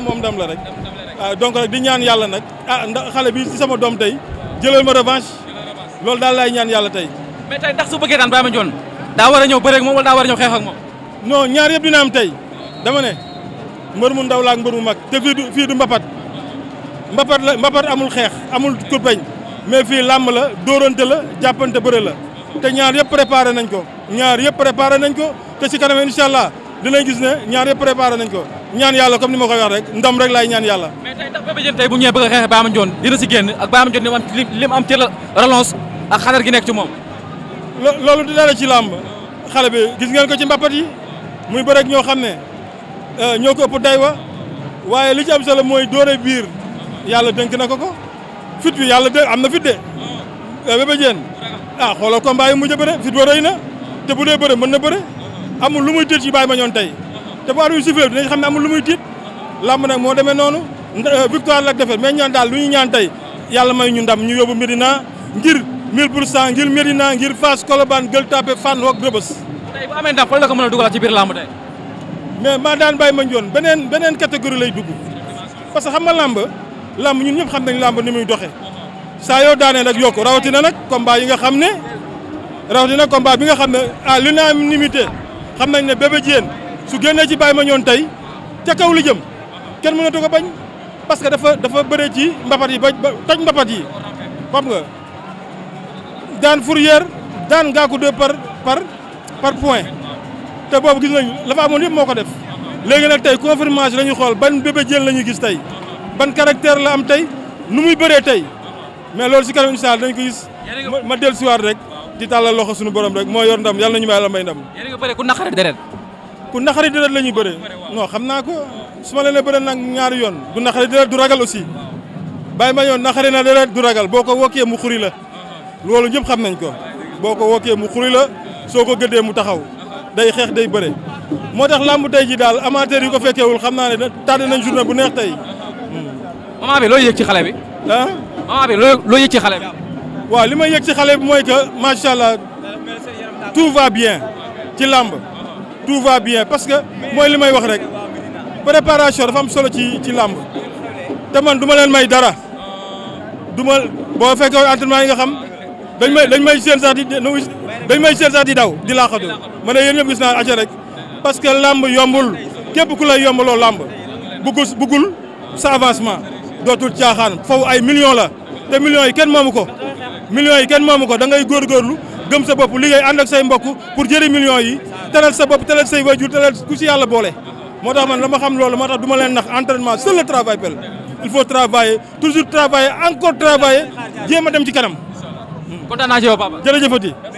ndam moom ndam la rek waaw ah, donc di ñaan yàlla nag ah xale bi sama doom tey jëlal ma revanche loolu daal laay ñaan yàlla tey mais tey ndax su bëggee daan Ibrahima Ndione daa war a ñëw bëre ak moom daa war a ñëw xeex ak non ñaar yëpp dina am tey dama ne mbër mu ndaw la ak mbër mu mag te fii du mbapat mbapat la mbapat amul xeex amul kurpeñ mais fii làmb la dóorante la jàppante bëre la te ñaar yëpp préparé nañ ko ñaar yëpp préparé nañ ko te ci kanam incha allah gis ne ñaar yëpp nañ ko ñaan yàlla comme ni ma koy wax rek ndam rek laay ñaan yàlla. mais tey ndax Bébé Diène tey bu ñëwee a xeex Baye Mandione Dione dina si génn ak Baye Mandione Dione li mu am ci relance ci moom. loolu di dara ci làmb xale bi gis ngeen ko ci mbappat yi muy bëreeg ñoo xam ne euh, ñoo ko ëpp wa waaye li ci am solo mooy dóore biir yàlla dënk na ko ko fit bi yàlla dé am na fit de. Euh, Bébé Diène ah xoolal combat yi mujj a bëre fit ba rëy na te bu dee bëre mën na bëre amul lu muy tëj ci Baye Mandione tey te bu arbitre sifflé dinañ xam ne amul lu muy tiit làmb nag moo demee noonu euh, victoire la défaite mais ñaan daal lu ñu ñaan tey yàlla may ñu ndam ñu yóbbu Médina ngir mil pour cent ngir Médina ngir Fass Colobane Gueule Tapée Fann ak Rebeuss. tey bu amee ndam fan la ko mën a dugal ci biir làmb tey. mais maa daan bàyyi ma njoon beneen beneen catégorie lay dugg parce que xam nga làmb làmb ñun ñëpp xam nañ làmb ni muy doxee saa yoo daanee nag yokk rawatina nag combat yi nga xam ne rawatina combat bi nga xam ne à l'unanimité xam nañ ne Bébé Diène su génnee ci baay ma Mandione tey ca kaw li jëm kenn mënatu ko bañ parce que dafa dafa bëre ci mbapat yi ba toj mbapat yi xam nga daan fourrière daan gaaku deux par par par point te boobu gis nañu la fa amoon yëpp moo ko def léegi nag tey confirmation la ñuy xool ban bébé jën la ñuy gis tey ban caractère la am tey nu muy bëree tey mais loolu si kanam incha allah dañ ko gis ma dellu siwaat rek di tàllal loxo suñu borom rek moo yor ndam yàlla nañu ma yàlla may ndam. ku naxari deret la ñuy bëre non xam naa ko su ma leen bëre nag ñaari yoon du naxari deret du ragal aussi bàyyi ma yoon naxari na deret du ragal boo ko wokkee mu xuri la loolu ñëpp xam nañ ko boo ko wokkee mu xuri la soo ko gëddee mu taxaw day xeex day bëre moo tax làmb tey ji daal amateur yi ko fekkeewul xam naa ne tardé nañ journée bu neex tey. Hmm. maman bi loo yëg ci xale bi. ah maman loo yëg ci xale bi. waaw li may yëg ci xale bi mooy que macha allah tout va bien ci làmb. tout va bien parce que mooy li may wax rek préparation dafa am solo ci ci làmb te man du ma leen may dara du ma boo fekkee entraînement yi nga xam dañ may dañ may seen sax di dañ may seen sax di daw di laaxatu ma ne yéen ñëpp gis naa acca rek parce que làmb yombul képp ku lay yombaloo làmb buggul buggul sa avancement dootul caaxaan foofu ay million la te millions yi kenn moomu ko millions yi kenn moomu ko da ngay góorgóorlu gëm sa bopp liggéey ànd ak say mbokk pour jëri millions yi teral sa bopp teral say waajur teral ku si boole moo tax man la ma xam loolu moo tax du ma leen nax entraînement seul le travail paie il faut travailler toujours travailler encore travailler jéem a dem ci kanam. kontaan naa ci yow papa. jërëjëfati.